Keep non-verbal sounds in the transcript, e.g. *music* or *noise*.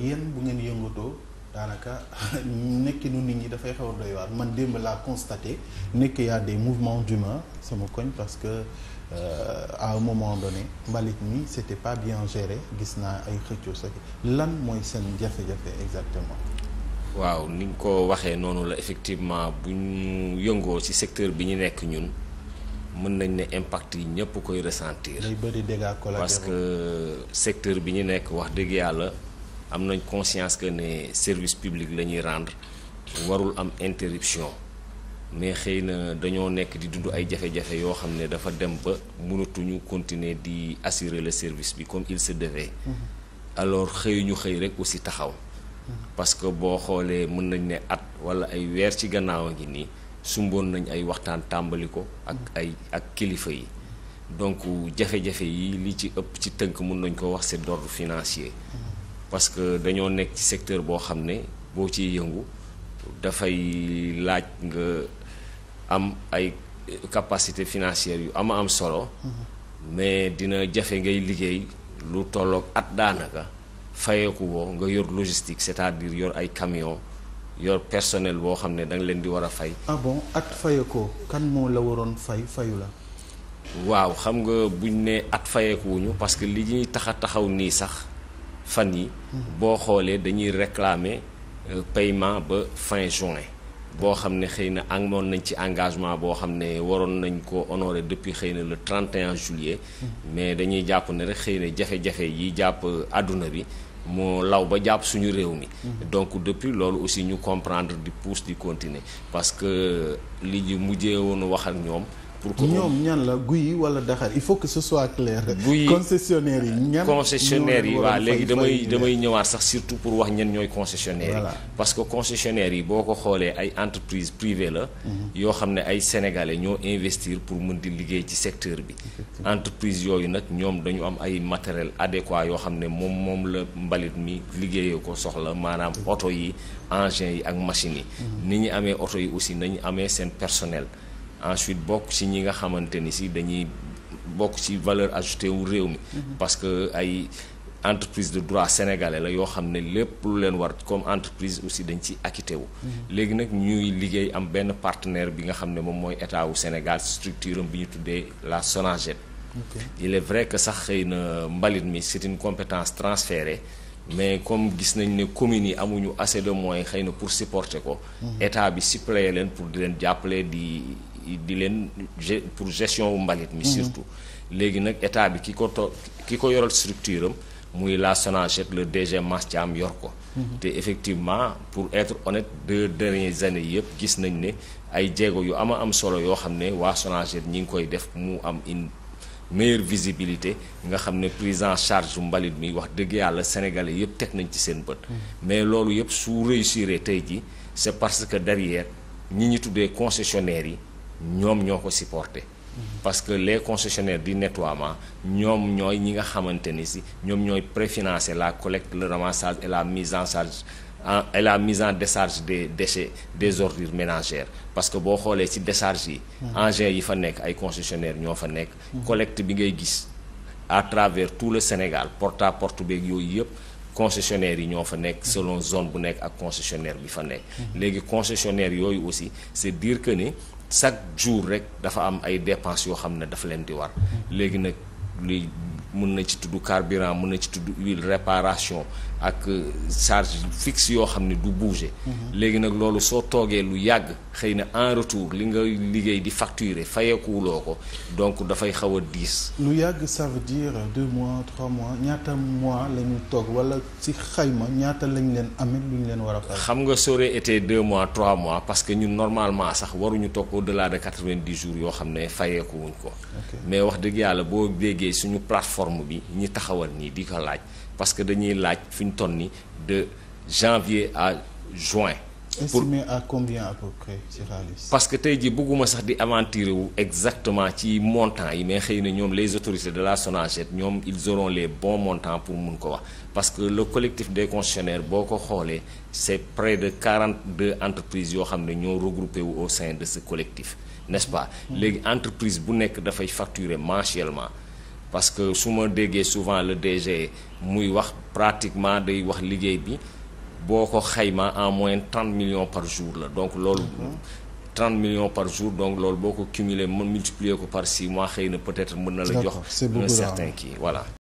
yéen bu ngeen yëngatoo daanaka *laughs* nekki nu nit ñi dafay xaw a doy waar man démb laa constaté nekk y a des mouvements d'humain sama koñ parce que Euh, à un moment donné mbalit mi c'était pas bien géré gis naa ay xëccoo sa lan mooy seen jafe-jafe exactement waaw ni nga ko waxee noonu la effectivement bu ñu yëngoo ci secteur bi ñu nekk ñun mën nañ ne impact yi ñëpp koy ressentir day bëri dégâts collatéraux parce que secteur bi ñu nekk wax dëgg yàlla am nañ conscience que ne service public la ñuy rendre warul am interruption mais xëy na dañoo nekk di dund ay jafe-jafe yoo xam ne dafa dem ba mënatuñu continuer di assurer la service bi comme il se devait. Mm-hmm. alors xëyuñu xëy rek aussi taxaw. Mm-hmm. parce que boo xoolee mën nañ ne at wala ay weer ci gannaaw a ngi nii sumboon nañ ay waxtaan tàmbali ko. ak mm-hmm. ay ak kilifa yi. donc jafe-jafe yi li ci ëpp ci tënk mën nañ ko wax c'est d'ordre financier. parce que dañoo nekk ci secteur boo xam ne boo ciy yëngu dafay laaj nga am ay capacité financière yu ama am solo mm-hmm. mais dina jafe ngay liggéey lu tolloog at daanaka fayeeku woo nga yor logistique c'est-à-dire yor ay camion yor personnel boo xam ne danga leen di war a fay ah at fayeekoo kan moo la waroon fay fayu la waaw xam nga buñ ne at fayeekuwuñu parce que li ñuy taxa taxaw nii sax fan yi boo xoolee dañuy réclamer euh, paiement ba fin juin boo xam ne xëy na amoon nañ ci engagement boo xam ne waroon nañ ko honorer depuis xëy na le 31 juillet mais dañuy jàpp ne rek xëy na jafe-jafe yi jàpp àdduna euh, bi moo law ba jàpp suñu réew mi donc depuis loolu aussi ñu comprendre di pousse di continuer parce que euh, li ñu mujjee woon wax ak ñoom pour que ñoom ñan la guy yi wala daxar il faut que ce soit clair. guy concessionnaire yi concessionnaire yi waa léegi damay damay ñëwaat sax surtout pour wax ñan ñooy concessionnaire yi. parce que concessionnaire yi boo ko xoolee ay entreprise privée la. Mhm. yoo xam ne ay sénégalais ñoo investir pour mën di liggéey ci secteur bi. entreprise yooyu nag ñoom dañu am ay matériel adéquat yoo xam ne moom moom la mbalit mi liggéeyee ko soxla maanaam oto yi engins yi ak machines yi. Mhm. ni ñu amee oto yi aussi nañu amee seen personnel. ensuite bokk ci ñi nga xamante ni si dañuy bokk ci valeur ajoutée wu réew mi mhm. parce que ay entreprise de droit sénégalais la yoo xam ne lépp lu leen war comme entreprise aussi dañ ci acquitté wu mhm. léegi nag ñuy liggéey am benn partenaire bi nga xam ne moom mooy état wu Sénégal structure bi ñu tuddee la SONAGED il est vrai que sax xëy na mbalit mi c'est une compétence transférée mais comme gis nañ ne communes yi amuñu assez mooy xëy na pour supporter ko mhm. état bi suppléer di leen jàppale di di leen pour gestion wu mbalit mi surtout léegi nag état bi ki ko to ki ko yoral structure am muy la Sonaged le DG Mass Thiam yor ko mhm. te effectivement pour être honnête deux dernières années yëpp gis nañ ne ay jéego yu ama am solo yoo xam ne waa Sonaged ñi ngi koy def mu am une meilleure visibilité nga xam ne prise en charge bu mbalit mi wax dëgg yàlla sénégalais yëpp teg nañ ci seen bët mhm. mais loolu yëpp su réussir tey ji c'est parce que derrière ñi ñu tuddee concessionnaires yi ñoom ñoo ko supporter. parce que les concessionnaires du nettoiement ñoom ñooy ñi nga xamante ni si ñoom ñooy préfinancer la collecte le ramassage et la mise en charge et la mise en décharge des déchets des ordures ménagères parce que boo xoolee si décharge yi hmm. engins yi fa nekk ay concessionnaires ñoo fa nekk collecte bi ngay gis à travers tout le Sénégal porte à porte beeg yooyu yëpp concessionnaires yi ñoo fa nekk selon zone bu nekk ak concessionnaire bi fa nekk hmm. léegi concessionnaire yooyu aussi c'est dire que ni chaque jour rek dafa am ay dépenses yoo xam ne dafa leen di war léegi nag luy mun na ci tudd carburant mun na ci tudd huile réparation ak charge fixe yoo xam ne du bouger. Mhm. léegi nag loolu soo toogee lu yàgg xëy na en retour li nga liggéey di facturer fayeekuwuloo ko donc dafay xaw a diis. lu yàgg sa veut dire deux mois trois mois ñaata mois la ñu toog wala ci xayma ñaata lañ leen amee lu leen war a xam nga ça aurait été deux mois trois mois parce que ñun normalement sax waruñu toog au delà de quatre-vingt-dix jours yoo xam ne fayeekuwuñ ko. mais plateforme bi ñi taxawal nii di ko laaj parce que dañuy laaj fi ñu toll nii de janvier à juin. à combien à peu près ci parce que tey jii bëgguma sax di aventurer wu exactement ci montant yi mais xëy na ñoom les autorités de la SONAGED ñoom ils auront les bons montants pour mun ko wax parce que le collectif de concessionnaires boo ko xoolee c' près de 42 entreprise yoo xam ne ñoo regroupé wu au sein de ce collectif n' ce pas. Mmh. léegi entreprise bu nekk dafay facturer mensuellement. parce que su ma déggee souvent le DG muy wax pratiquement day wax liggéey bi boo ko xayma en moyenne 30 millions par jour la donc loolu. 30 millions par jour donc loolu boo ko cumuler mën multiplier ko par 6 mois xëy na peut-être mën na la jox. un certain kii voilà.